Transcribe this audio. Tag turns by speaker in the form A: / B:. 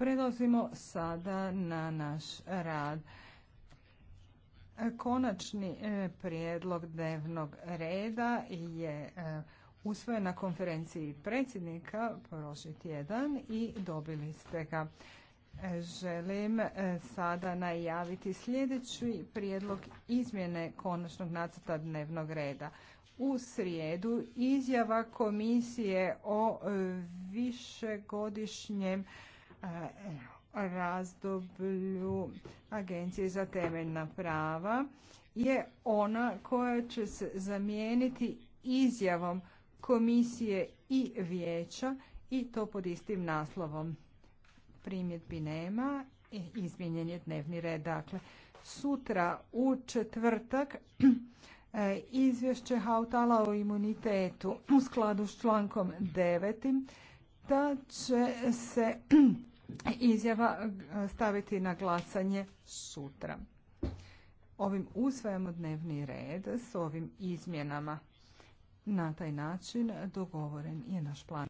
A: Prelazimo sada na naš rad. Konačni e, prijedlog dnevnog reda je e, usvojen na konferenciji predsjednika prošli tjedan i dobili ste ga. E, želim sada najaviti sljedeći prijedlog izmjene konačnog nacrta dnevnog reda. U srijedu izjava komisije o višegodišnjem E, razdoblju Agencije za temeljna prava je ona koja će se zamijeniti izjavom komisije i vijeća i to pod istim naslovom. Primjedbi nema, izmijenjen je dnevni red. Dakle, sutra u četvrtak e, izvješće Hautala o imunitetu u skladu s člankom 9. da će se izjava e, staviti na glasanje sutra. Ovim usvajamo dnevni red s ovim izmjenama. Na taj
B: način dogovoren je naš plan.